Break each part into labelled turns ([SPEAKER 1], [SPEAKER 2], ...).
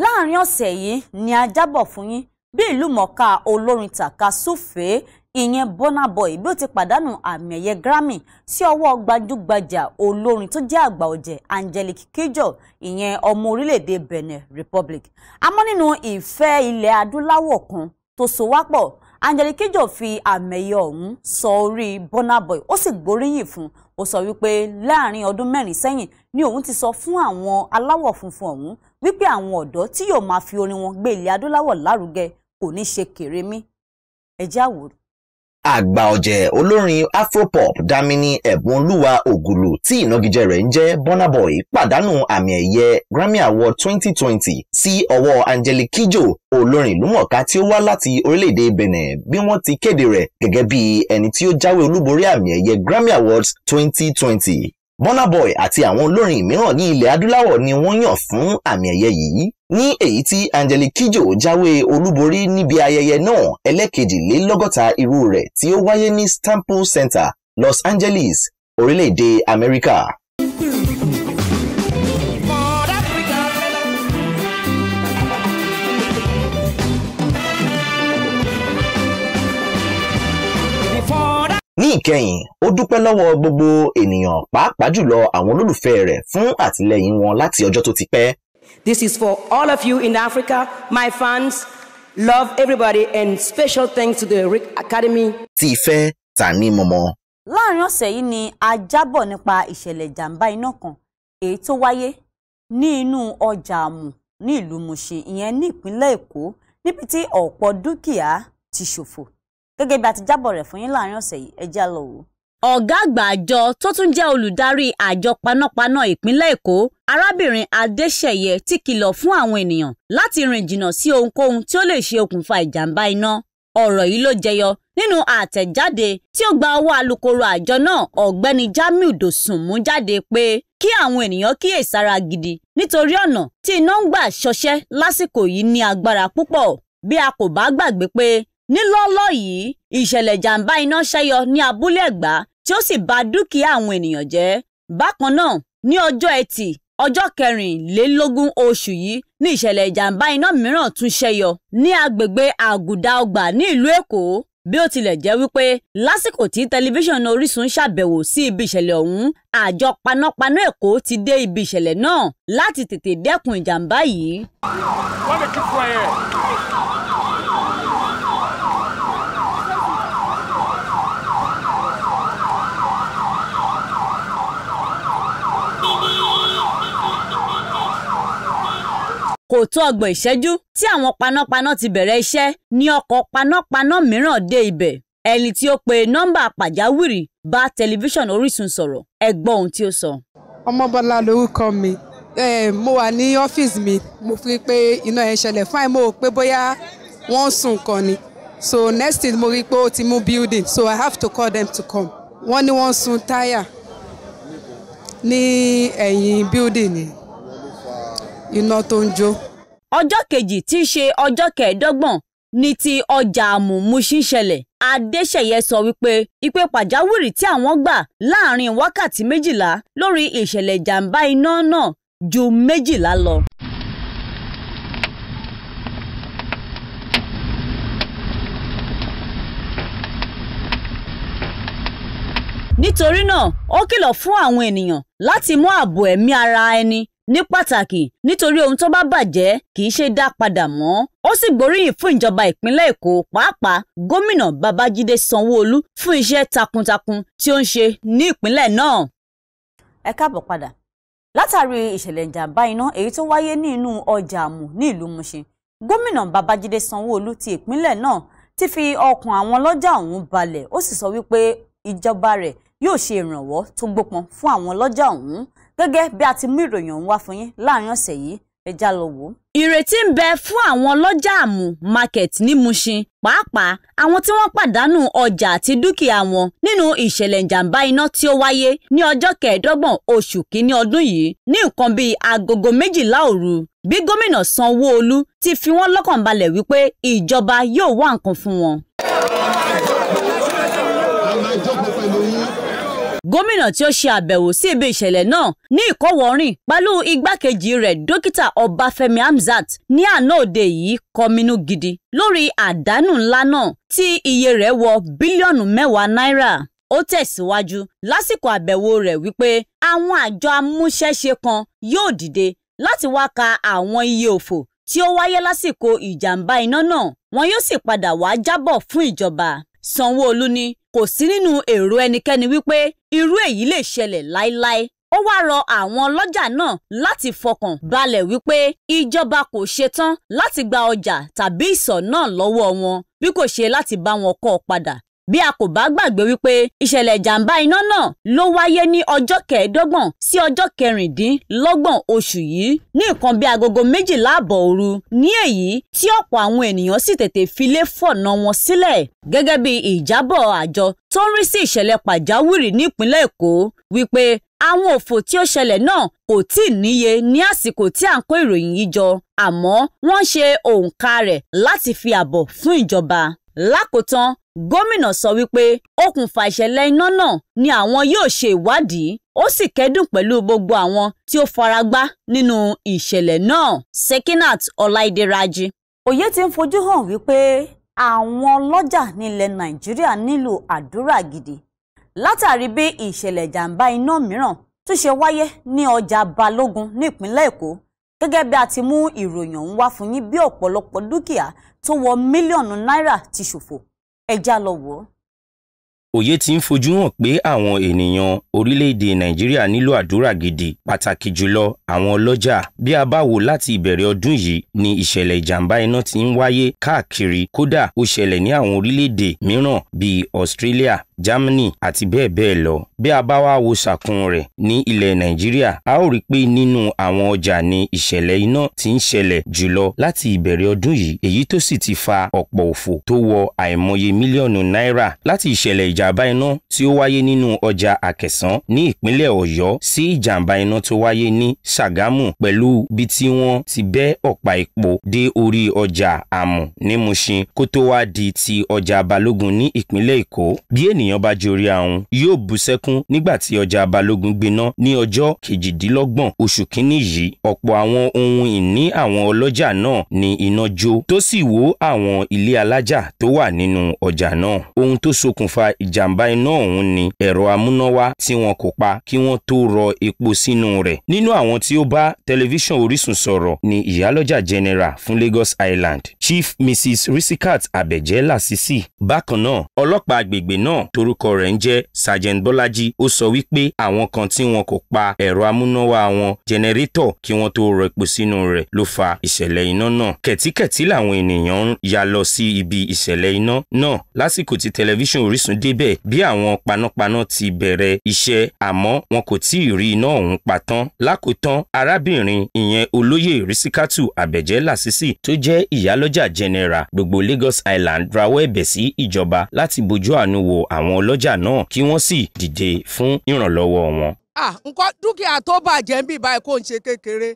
[SPEAKER 1] láàrin ọ̀sẹ̀ yìí ni a jábọ̀ fún yín bí ìlú mọ̀ọ́ká olórin tàka súfèé ìyẹn Burna Boy bí ó ti pàdánù àmì ẹ̀yẹ Grammy sí ọwọ́ gbajúgbajà olórin tó jẹ́ àgbà ọ̀jẹ̀ Angelique Kidjo ìyẹn ọmọ orílẹ̀-èdè Benin Republic àmọ́ nínú ìfẹ́ ilẹ̀ adúláwọ̀ kan tó so wá pọ̀ Angelique Kidjo fi àmì ẹ̀yẹ ọ̀hún sọ orí Burna Boy ó sì gbóríyìn fún un ó sọ wípé láàrin ọdún mẹ́rin sẹ́yìn ni òun ti sọ fún àwọn aláwọ̀ funfun ọ̀hún wípé àwọn ọ̀dọ́ tí yóò máa fi orin wọn gbé ilẹ̀ adúláwọ̀ lárugẹ kò ní ṣe kèrèmí ẹjẹ́ àwòrán
[SPEAKER 2] àgbà ọ̀jẹ̀ olórin afropop damini ẹ̀bùnolúwa ògùlù tí ìnagijẹ rẹ̀ ń jẹ́ burna boy pàdánù àmì ẹ̀yẹ grammy award 2020 sí ọwọ́ angelique kidjo olórin ìlúmọ̀ọ́ká tí ó wá láti orílẹ̀-èdè benin bí wọ́n ti kéde rẹ̀ gẹ́gẹ́ bí ẹni tí ó jáwé olúborí àmì ẹ̀yẹ grammy awards 2020 burna boy àti àwọn olórin mìíràn ní ilẹ̀ adúláwọ̀ ni wọ́n yàn fún àmì ẹ̀yẹ yìí ní èyí tí Angelique Kidjo jáwé olúborí níbi ayẹyẹ náà ẹlẹ́kejìlélọ́gọ́ta irú rẹ̀ tí ó wáyé ní Stample Center, Los Angeles, orílẹ̀-èdè Amẹ́ríkà. ní ìkẹyìn ó dúpẹ́ lọ́wọ́ gbogbo ènìyàn pàápàá jùlọ àwọn olólùfẹ́ rẹ̀ fún àtìlẹyìn wọn láti ọjọ́ tó ti pẹ́ This is for
[SPEAKER 1] all of you in Africa, my fans. Love everybody and special thanks to the Rick Academy.
[SPEAKER 2] Ti ìfẹ́ ta ní mọ̀mọ́.
[SPEAKER 1] Láàárín ọ̀sẹ̀ yìí ni a jábọ̀ nípa ìṣẹ̀lẹ̀ ìjàmbá iná kan èyí tó wáyé ní inú ọjà àmù ní ìlú Mùṣin ìyẹn ní ìpínlẹ̀ Èkó níbi tí ọ̀pọ̀ dúkìá ti ṣòfò. Gẹ́gẹ́ bí a ti jábọ̀ rẹ̀ fún yín láàárín ọ̀sẹ̀ yìí, ẹ já lọ wò ó ọ̀gá àgbà àjọ tó tún jẹ́ olùdarí àjọ panápaná ìpínlẹ̀ Èkó arábìnrin Adéṣẹ̀yẹ ti kìlọ̀ fún àwọn ènìyàn láti rìn jìnnà sí ohunkóhun tí ó lè ṣe okùnfà ìjàmbá iná ọ̀rọ̀ yìí ló jẹyọ nínú àtẹ̀jáde tí ó gba ọwọ́ alukoro àjọ náà ọ̀gbẹ́ni Jamiu Dosun mú jáde pé kí àwọn ènìyàn kíyèsára gidi nítorí ọ̀nà tí iná ń gbà ṣọṣẹ́ lásìkò yìí ní agbára púpọ̀ bí a kò bá gbàgbé pé nílọ́lọ́ yìí ìṣẹ̀lẹ̀ jàǹbá iná ṣẹ́yọ ní abúlé Ẹ̀gbá tí ó sì bà dúkìá àwọn ènìyàn jẹ́. Bákan náà, ní ọjọ́ Ẹtì, ọjọ́ kẹrìnlélógún oṣù yìí ní ìṣẹ̀lẹ̀ ìjàmbá iná mìíràn tún ṣẹyọ ní agbègbè Àgùdà Ọgbà ní ìlú Èkó bí ó tilẹ̀ jẹ́ wípé lásìkò tí tẹlifíṣàn Orísun ṣàbẹ̀wò sí ibi ìṣẹ̀lẹ̀ ọ̀hún àjọ panápaná Èkó ti dé ibi ìṣẹ̀lẹ̀ náà láti tètè dẹ́kun ìjàmbá yìí. kò tó ọgbọ̀n ìṣẹ́jú tí àwọn panápaná ti bẹ̀rẹ̀ iṣẹ́ ní ọkọ̀ panápaná mìíràn dé ibẹ̀ ẹni tí ó pe nọ́mbà pàjáwìrì bá tẹlifíṣàn Orísun sọ̀rọ̀ ẹ gbọ́ ohun tí ó sọ.
[SPEAKER 3] Ọmọbọ́lá lorúkọ mi mo wà ní ọ́fíìsì mi mo fi pé iná ẹ̀ ṣẹlẹ̀ fáìn mo rò pé bóyá wọ́n sùn kan ni so next thing mo rí pé ó ti mú building so I have to call them to come wọ́n ní wọ́n sun táyà
[SPEAKER 1] ní ẹ̀yìn building ni iná tó ń jó ọjọ́ kejì tí í ṣe ọjọ́ kẹẹ̀ẹ́dọ́gbọ̀n ní ti ọjà àmùmúṣí ṣẹlẹ̀ Adéṣẹ̀yẹ sọ wípé ìpè pàjáwìrì tí àwọn gbà láàrin wákàtí méjìlá lórí ìṣẹ̀lẹ̀ ìjàmbá iná náà ju méjìlá lọ. Nítorí náà ó kìlọ̀ fún àwọn ènìyàn láti mú ààbò ẹ̀mí ara ẹni ní pàtàkì nítorí ohun tó bá bàjẹ́ kì í ṣe dá padà mọ́ ó sì gbóríyìn fún ìjọba ìpínlẹ̀ èkó pàápàá gómìnà babájídé sanwóolu fún iṣẹ́ takuntakun tí ó ń ṣe ní ìpínlẹ̀ náà. ẹ káàbọ̀ padà látàrí ìṣẹ̀lẹ̀ ìjàmbá iná èyí tó wáyé ní inú ọjà àmù ní ìlú Mùṣin gómìnà babájídé sanwóolu ti ìpínlẹ̀ náà ti fi ọkàn àwọn ọlọ́jà ọ̀hún balẹ̀ ó sì sọ wípé ìjọba rẹ̀ yóò ṣe ìrànwọ́ tó gbópọn fún àwọn ọlọ́jà ọ̀hún gẹ́gẹ́ bí a ti mú ìròyìn ọ̀hún wá fún yín láàrin ọ̀sẹ̀ yìí ẹ já lọ wò ìrètí ń bẹ fún àwọn ọlọ́jà àmù market ní Mushin pàápàá àwọn tí wọ́n pàdánù ọjà àti dúkìá wọn nínú ìṣẹ̀lẹ̀ ìjàmbá iná tí ó wáyé ní ọjọ́ kẹẹ̀ẹ́dọ́gbọ̀n oṣù kínní ọdún yìí ní nǹkan bíi agogo méjìlá òru bí gómìnà Sanwó-Olú ti fi wọ́n lọ́kàn balẹ̀ wípé ìjọba yóò wá nǹkan fún wọn. gómìnà tí ó ṣe àbẹ̀wò sí ibi ìṣẹ̀lẹ̀ náà ní ìkọ́wọ̀ọ́rìn pẹ̀lú igbákejì rẹ̀ dókítà ọbáfẹ́mi hamzat ní àná òde yìí kọminú gidi lórí àdánù ńlá náà tí iye rẹ̀ wọ bílíọ̀nù mẹ́wàá náírà ó tẹ̀síwájú lásìkò àbẹ̀wò rẹ̀ wípé àwọn àjọ amúṣẹ́ṣe kan yóò dìde láti wá ka àwọn iye òfò tí ó wáyé lásìkò ìjàmbá iná náà wọn yóò sì padà wá jábọ̀ fún ìjọba sanwó ni kò sí nínú èrò ẹnikẹ́ni wípé irú èyí lè ṣẹlẹ̀ láíláí ó wá rọ àwọn ọlọ́jà náà láti fọkàn balẹ̀ wípé ìjọba kò ṣetán láti gba ọjà tàbí ìsọ̀ náà lọ́wọ́ wọn bí kò ṣe láti bá wọn kọ́ ọ padà bí a kò bá gbàgbé wípé ìṣẹ̀lẹ̀ ìjàmbá iná náà ló wáyé ní ọjọ́ kẹẹ̀ẹ́dọ́gbọ̀n sí ọjọ́ kẹrìndínlọ́gbọ̀n oṣù yìí ní nǹkan bí agogo méjìlá àbọ̀ òru ní èyí tí ọ̀pọ̀ àwọn ènìyàn sì tètè filé fọ̀nà wọn sílẹ̀ gẹ́gẹ́ bí ìjábọ̀ àjọ tó ń rí sí ìṣẹ̀lẹ̀ pàjáwìrì ní ìpínlẹ̀ Èkó wípé àwọn òfò tí ó ṣẹlẹ̀ náà kò tí ì níye ní àsìkò tí à ń kó ìròyìn yìí jọ àmọ́ wọ́n ṣe òǹkà rẹ̀ láti fi àbọ̀ fún ìjọba lákòótán gómìnà sọ wípé okùnfà ìṣẹ̀lẹ̀ iná náà ni àwọn yóò ṣe ìwádìí ó sì kẹ́dùn pẹ̀lú gbogbo àwọn tí ó faragbá nínú ìṣẹ̀lẹ̀ náà Sekinat Ọláìdé Rájí. òye ti ń fojú hàn wípé àwọn ọlọ́jà nílẹ̀ Nàìjíríà nílò àdúrà gidi látàrí bí ìṣẹ̀lẹ̀ jàǹbá iná mìíràn tún ṣe wáyé ní ọjà Balógun nípínlẹ̀ Èkó gẹ́gẹ́ bí a ti mú ìròyìn ọ̀hún wá fún yín bí ọ̀pọ̀lọpọ̀ dúkìá tó wọ mílíọ̀nù náírà ti ṣòfò ẹ já lọ wò ó.
[SPEAKER 3] òye ti ń fojú hàn pé àwọn ènìyàn orílẹ̀-èdè nàìjíríà nílò àdúrà gidi pàtàkì jùlọ àwọn ọlọ́jà bí a bá wò láti ìbẹ̀rẹ̀ ọdún yìí ni ìṣẹ̀lẹ̀ ìjàmbá iná ti ń wáyé káàkiri kódà ó ṣẹlẹ̀ ní àwọn orílẹ̀-èdè mìíràn bíi Australia Germany àti bẹ́ẹ̀ bẹ́ẹ̀ lọ bí a bá wá wo ṣàkun rẹ̀ ní ilẹ̀ Nàìjíríà a ó rí pé nínú àwọn ọjà ni ìṣẹ̀lẹ̀ iná ti ń ṣẹlẹ̀ jùlọ láti ìbẹ̀rẹ̀ ọdún yìí èyí tó sì ti fa ọ̀pọ̀ òfò tó wọ àìmọye mílíọ̀nù náírà láti ìṣẹ̀lẹ̀ ìjàmbá iná tí ó wáyé nínú ọjà Àkẹ̀sán ní ìpínlẹ̀ Ọ̀yọ́ sí ìjàmbá iná tó wáyé ní Ṣàgámù pẹ̀lú bí tí wọ́n ti bẹ́ ọ̀pá epo dé orí ọjà Àmù ní Mùṣin kó tó wá di ti ọjà Balógun ní ìpínlẹ̀ Èkó bí ènìyàn bá jórí ahun yóò bú sẹ́kún nígbà tí ọjà Balógun gbiná ní ọjọ́ kejìdínlọ́gbọ̀n oṣù kínní yìí ọ̀pọ̀ àwọn ohun ìní àwọn ọlọ́jà náà ni iná jó tó sì wó àwọn ilé alájà tó wà nínú ọjà náà ohun tó ṣokùnfà ìjàmbá iná ọ̀hún ni ẹ̀rọ amúnáwá tí wọn kò pa kí wọ́n tó rọ epo sínú rẹ̀. nínú àwọn tí ó bá tẹlifíṣàn Orísun sọ̀rọ̀ ni ìyálọ́jà general fún Lagos Island Chief Mrs Risikat Abẹ̀jẹ́ Lásìsì. bákan náà ọlọ́pàá agbègbè náà torúkọ rẹ̀ ń jẹ́ Sergeant Bọ́lájí ó sọ wípé àwọn kan tí wọn kò pa ẹ̀rọ amúnáwá wọn jẹnẹrétọ̀ kí wọ́n tó rọ epo sínú rẹ̀ ló fa ìṣẹ̀lẹ̀ iná náà kẹ̀tíkẹ̀tí làwọn ènìyàn ń ya lọ sí ibi ìṣẹ̀lẹ̀ iná náà lásìkò tí tẹlifíṣàn Orísun débẹ̀ bí àwọn àwọn panápaná ti bẹ̀rẹ̀ iṣẹ́ àmọ́ wọn kò tí ì rí iná ọ̀hún pa tán. lákòótán arábìnrin ìyẹn olóyè Rìsíkátù Àbẹ̀jẹ́ Lásìsì tó jẹ́ ìyálọ́jà general gbogbo Lagos Island rawọ́ ẹ̀bẹ̀ sí ìjọba láti bójú àánú wo àwọn ọlọ́jà náà kí wọ́n sì dìde fún ìrànlọ́wọ́ wọn. à ah, nǹkan dúkìá tó bàjẹ́ ń bì báyìí kò ń ṣe kékeré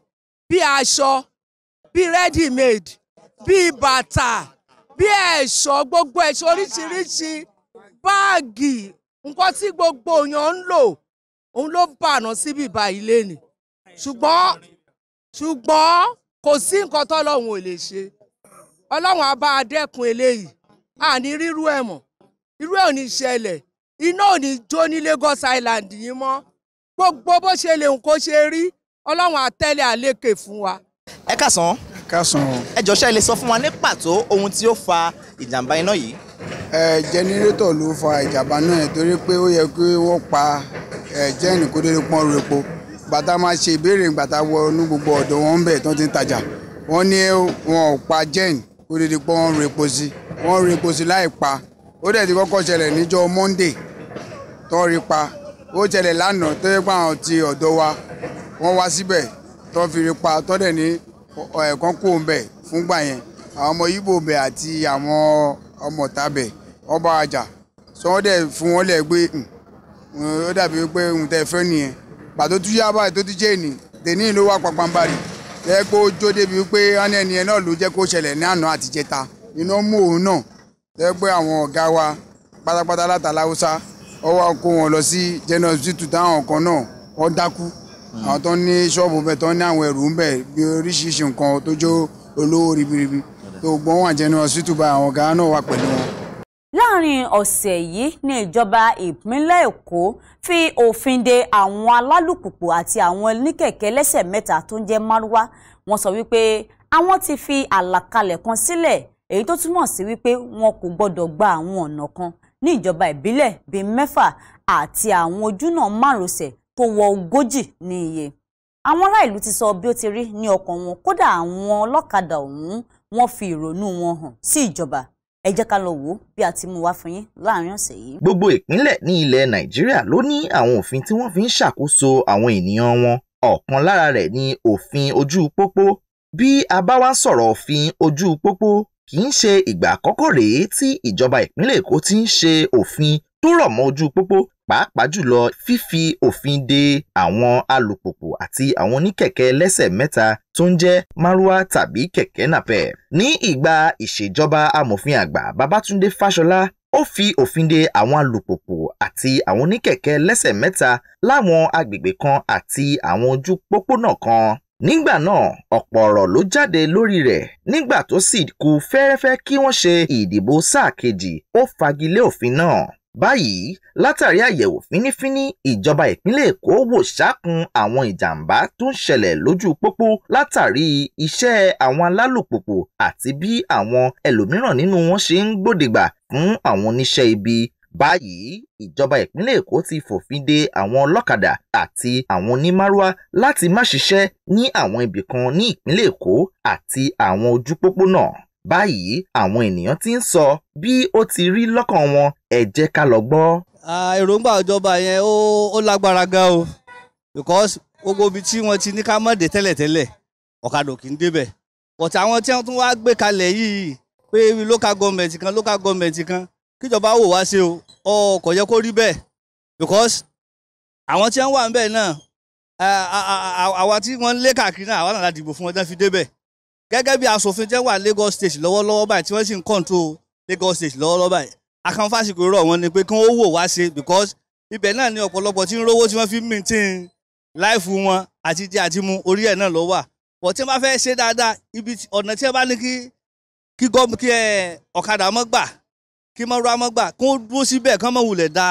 [SPEAKER 3] bí aṣọ bí ready made bí bàtà bí ẹ̀ṣọ́ gbogbo ẹ̀ṣọ́ oríṣiríṣi báàgì nǹkan tí gbogbo èèyàn ń lò òun ló bànà síbi ìbà ilé ni ṣùgbọ́n ṣùgbọ́n kò sí nǹkan tọ́lọ́run ò lè ṣe ọlọ́run á bá a dẹ́kun eléyìí àní rírú ẹ̀ mọ̀ irú ẹ̀ ò ní ṣẹlẹ̀ iná ò ní jó ní Lagos Island yìí mọ́ gbogbo bó ṣe lè nǹkó ṣe rí ọlọ́run á àlékè fún wa.
[SPEAKER 2] ẹ kásán ẹ kásán ẹ jọ̀ọ́ ṣé lè sọ fún wa ní pàtó ohun tí ó fa ìjàmbá iná yìí
[SPEAKER 4] jẹnirétọ̀ ló fa ìjàmbá náà yẹn torí pé ó yẹ kí wọ́n pa jẹ́ẹ̀nì kó dédé pọ́n ro epo bàtà máa ṣe ìbéèrè bàtà wọ inú gbogbo ọ̀dọ̀ wọn bẹ̀ tó ti ń tajà wọ́n ní wọn ò pa jẹ́ẹ̀nì kó dédé pọ́n ro epo sí wọ́n ro epo sí láì pa ó dẹ̀ ti kọ́kọ́ ṣẹlẹ̀ níjọ́ Monday tó rí pa ó ṣẹlẹ̀ lánàá tó yẹ pé àwọn ti ọ̀dọ̀ wa wọ́n wá síbẹ̀ tó fi rí pa tó dẹ̀ ní ẹ̀ẹ̀kan kó ń bẹ̀ fúngbà yẹn àwọn ọmọ Yíbò bẹ̀ àti àwọn ọmọ ọ̀tá wọ́n bá wa jà sọ wọ́n dẹ̀ fún wọn lẹ̀ pé hmm, hmm, ó dàbí pé òun tẹ̀ fẹ́ nìyẹn pàtó tún yá báyìí tó ti jẹ́ ènì dèní ló wà pàpàǹbarì lẹ́yìn pé ó jó débi pé ánà ẹni yẹn náà ló jẹ́ kó ṣẹlẹ̀ ní àná àtijẹta iná mú òun náà lẹ́yìn pé àwọn ọ̀gá wa pátápátá látàlá haúsá ọwọ́ kó wọn lọ sí general hospital táwọn kan náà wọ́n dákú àwọn tó ní ṣọ́ọ̀bù bẹ̀ tó ní àwọn ẹrù ń bẹ̀ bí oríṣiríṣi nǹkan tó jó olówó ribiribi tó gbọ́n wà general hospital àwọn ọ̀gá náà wà pẹ̀lú wọn
[SPEAKER 1] láàrin ọ̀sẹ̀ yìí ní ìjọba ìpínlẹ̀ èkó fi òfin de àwọn alálùpùpù àti àwọn oníkẹ̀kẹ́ lẹ́sẹ̀ mẹ́ta tó ń jẹ́ márúwá wọ́n sọ wípé àwọn ti fi àlàkalẹ̀ kan sílẹ̀ èyí tó túmọ̀ sí wípé wọn kò gbọ́dọ̀ gba àwọn ọ̀nà kan ní ìjọba ìbílẹ̀ bíi mẹ́fà àti àwọn ojúnà márosẹ̀ tó wọ ogójì ní iye àwọn ará ti sọ bí ó ti rí ní ọkàn wọn kódà àwọn ọlọ́kadà ọ̀hún wọ́n fi ìrònú wọn hàn sí ìjọba ẹ jẹ́ ká lọ wò ó bí a ti mú wá fún yín láàrin ọ̀sẹ̀ yìí.
[SPEAKER 2] gbogbo ìpínlẹ̀ ní ilẹ̀ nàìjíríà ló ní àwọn òfin tí wọ́n fi ń ṣàkóso àwọn ènìyàn wọn ọ̀kan lára rẹ̀ ni òfin ojú pópó bí a bá wá ń sọ̀rọ̀ òfin ojú pópó kì í ṣe ìgbà àkọ́kọ́ rèé tí ìjọba ìpínlẹ̀ èkó ti ń ṣe òfin tó rọ̀ mọ́ ojú pópó pàápàá jùlọ fífi òfin de àwọn alùpùpù àti àwọn oníkẹ̀kẹ́ lẹ́sẹ̀ mẹ́ta tó ń jẹ́ márúwá tàbí kẹ̀kẹ́ nàpẹ̀. ní ìgbà ìṣèjọba amòfin àgbà Babátúndé Fáṣọlá ó fi òfin de àwọn alùpùpù àti àwọn oníkẹ̀kẹ́ lẹ́sẹ̀ mẹ́ta láwọn agbègbè kan àti àwọn ojú pópónà kan nígbà náà ọ̀pọ̀ ọ̀rọ̀ ló jáde lórí rẹ̀ nígbà tó sì kù fẹ́rẹ́fẹ́ kí wọ́n ṣe ìdìbò sáà kejì ó fagilé òfin náà Báyìí látàrí àyẹ̀wò fínnífínní ìjọba ìpínlẹ̀ Èkó wò sákun àwọn ìjàmbá tó ń ṣẹlẹ̀ lójú pópó látàrí iṣẹ́ àwọn alálùpùpù àti bí àwọn ẹlòmíràn nínú wọn ṣe ń gbòdegbà fún àwọn oníṣẹ́ ibi. Báyìí ìjọba ìpínlẹ̀ Èkó ti fòfin de àwọn ọlọ́kadà àti àwọn onímárúwá láti má ṣiṣẹ́ ní àwọn ibì kan ní ìpínlẹ̀ Èkó àti àwọn ojú pópó náà. Báyìí àwọn ènìyàn ti ń sọ bí ó ti rí lọ́kàn wọn ẹ jẹ́ ká lọ gbọ́.
[SPEAKER 5] èròǹgbà ìjọba yẹn ó lágbára gan o because gbogbo ibi tí wọ́n ti ní ká mọ̀dé tẹ́lẹ̀tẹ́lẹ̀ ọ̀kadà kì í débẹ̀ but àwọn tí wọ́n tún wá gbé kalẹ̀ yìí pé local government kan local government kan kíjọba wò wá sí o kò yẹ kó rí bẹ́ẹ̀ because àwọn tí wọ́n wà ń bẹ̀ náà àwa tí wọ́n lé káàkiri náà àwa náà la dìbò fún wọn tán fi débẹ̀ gẹ́gẹ́ bí asòfin jẹ́ wà Lagos state lọ́wọ́lọ́wọ́ báyìí tí wọ́n sì ń control Lagos state lọ́wọ́lọ́wọ́ báyìí akànfàsìkò rọ̀ wọ́n ni pé kí wọ́n wò wá ṣe because ibẹ̀ náà ni ọ̀pọ̀lọpọ̀ tí ń rówó tí wọ́n fi ń maintain láìfù wọn àti jẹ àti mu orí ẹ̀ náà ló wà but tí wọ́n bá fẹ́ ṣe dáadáa ibi ọ̀nà tí wọ́n bá ní kí kí gọ́ọ̀mù kí ọ̀kadà mọ́ gbà kí mọ́ra mọ́ gbà kó dúró síbẹ̀ kán mọ́ wulẹ̀ da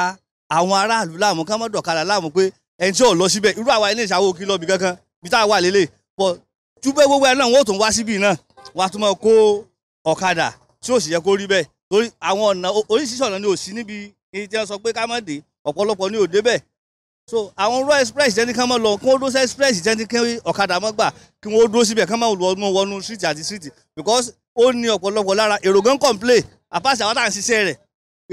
[SPEAKER 5] àwọn aráàlú láàmú kán mọ́ dọ̀kadà láàmú pé ẹni tí ò lọ síbẹ̀ irú àwa ilé ìṣàwó kí lọ́ọ̀bì kankan bí táà wà lélẹ̀ but júbẹ́ gbogbo ẹ̀ náà wọ́n ò tún wá síbì náà wàá tún mọ́ kó ọ̀kadà tí ò sì yẹ kó rí bẹ́ẹ̀ torí àwọn ọ̀nà oríṣiríṣi ọ̀nà ni ò sí níbi ní tí wọ́n sọ pé ká má dé ọ̀pọ̀lọpọ̀ ni ò débẹ̀ so àwọn raw express jẹ́ ní ká má lọ kí wọ́n dúró sí express jẹ́ ní kí ọ̀kadà má gbà kí wọ́n dúró síbẹ̀ ká má wọnú wọnú street àti street because ó ní ọ̀pọ̀lọpọ̀ lára èrò gan complain àpáṣẹ àwọn tá à ń ṣiṣẹ́ rẹ̀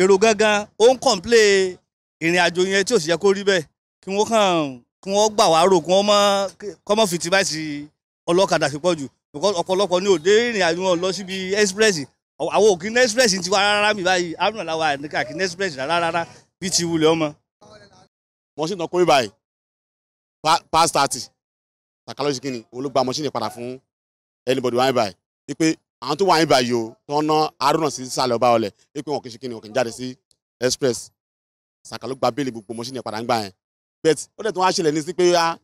[SPEAKER 5] èrò gangan ó ń complain ìrìn àjò yẹn tí ò sì yẹ kó rí bẹ́ẹ̀ kí wọ́n kàn kí wọ́n gbà wá rò kí wọ́n mọ́ ọlọ́kadà fi pọ̀ jù because ọ̀pọ̀lọpọ̀ ni òde ìrìn àjò wọn lọ síbi express àwọn òkè nexpress ti wá rárá mi báyìí aruna làwọn àníkà kí nexpress rárá rárá bí ti wulẹ̀ ọmọ. mọ́ṣínì náà kórè báyìí
[SPEAKER 6] past thirty psychology kìíní olùgbà mọ́ṣínì padà fún anybody wáyé báyìí wípé àwọn tó wáyé báyìí o tó ń ná aruna sí sàlẹ̀ ọba ọlẹ̀ wípé wọn kì í ṣe kìíní wọn kì í jáde sí express sàkàló gba bẹ́ẹ̀lì gbogbo mọ́ṣínì padà ń gbà yẹn bẹ́ẹ̀ ó dẹ̀ tó wá ṣẹlẹ̀ ní sí pé ah,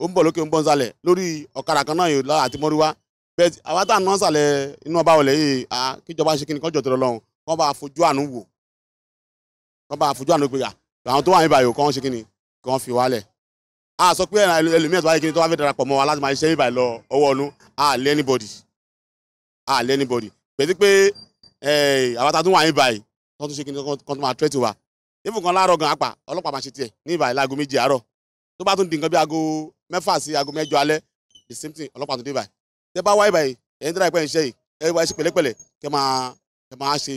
[SPEAKER 6] ó ń bọ̀ lókè ó ń bọ̀ ń sàlẹ̀ lórí ọ̀kadà kan náà yìí àti mọ́rúwá bẹ́ẹ̀ àwa tá à ń ná sàlẹ̀ inú ọba wọlé yìí à kíjọba ṣe kíni kọjọ tọrọ lọ́hùn kọ́ bá fojú àánú wò kọ́ bá fojú àánú gbéyà àwọn tó wà ní ìbàyò kọ́ ṣe kíni kọ́ fi wálẹ̀ a sọ pé ẹlòmíràn tó wáyé kíni tó wá fẹ́ darapọ̀ mọ́ wa láti máa ṣiṣẹ́ ìbàyò lọ ọwọ́ ọ̀nu a lé anybody a lé anybody pẹ̀lú pé àwa tá a tún wà ní ìbàyò kọ́ tún ṣe kíni kọ́ wa ifun kan láàárọ̀ gan apà ọlọ́pàá máa ṣe tiẹ̀ ní ìbàyò láago méjì àárọ̀ tó bá tún di nǹkan bí the same thing ọlọ́pàá tún tẹ bá wáyé báyìí ẹ̀yin tẹ́lá ìpẹ́ ń ṣe yìí ẹ wáyé sí pẹ̀lẹ́pẹ̀lẹ́ kẹ máa kẹ máa ṣe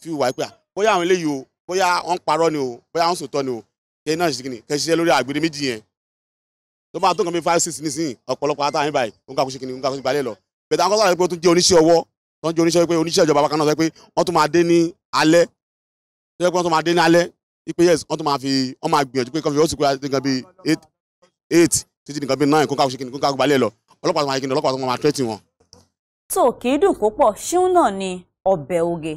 [SPEAKER 6] fíìwù wáyé pé bóyá àwọn eléyìí o bóyá wọ́n parọ́ ni o bóyá wọ́n sòtọ́ ni o kẹ náà ṣe kíni kẹ ṣiṣẹ́ lórí àgbèrè méjì yẹn tó máa tó nǹkan bíi five six nísìnyí ọ̀pọ̀lọpọ̀ àtàwọn báyìí òun kàkó ṣe kíni òun kàkó ṣe balẹ̀ lọ bẹ̀tẹ̀ àwọn kọ́sàrà pé ó tún jẹ́ oníṣẹ́ ọwọ́ tó ń jẹ́ oníṣẹ́ pé oníṣẹ́ ìjọba bákan náà sọ pé wọ́n tún máa dé ní alẹ́ tó yẹ pé wọ́n tún máa dé ní alẹ́ ipe yes wọ́n kó ṣe kíni kó káàkó balẹ̀ lọ ọlọ́pàá tó máa kí ni ọlọ́pàá tó máa tẹ́tì wọn.
[SPEAKER 1] tó kì í dùn púpọ̀ ṣíún náà ni ọbẹ̀ oge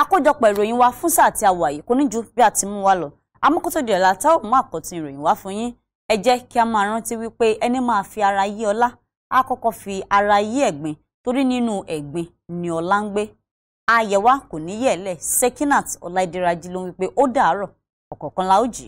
[SPEAKER 1] àkójọpọ̀ ìròyìn wa fún sáà tí a wà yìí kò ní ju bí a ti mú wa lọ amókótó di ọ̀la tá ò mú àkọ́tún ìròyìn wá fún yín ẹ jẹ́ kí a máa rántí wípé ẹni máa fi ara yí ọlá á kọ́kọ́ fi ara yí ẹ̀gbin torí nínú ẹ̀gbin ni ọlá ń gbé ayẹwa kò ní yẹ̀lẹ̀ Sekinat Ọláìdíraji ló ń wípé ó dàárọ̀ ọ̀kọ̀ọ̀kan la ó jì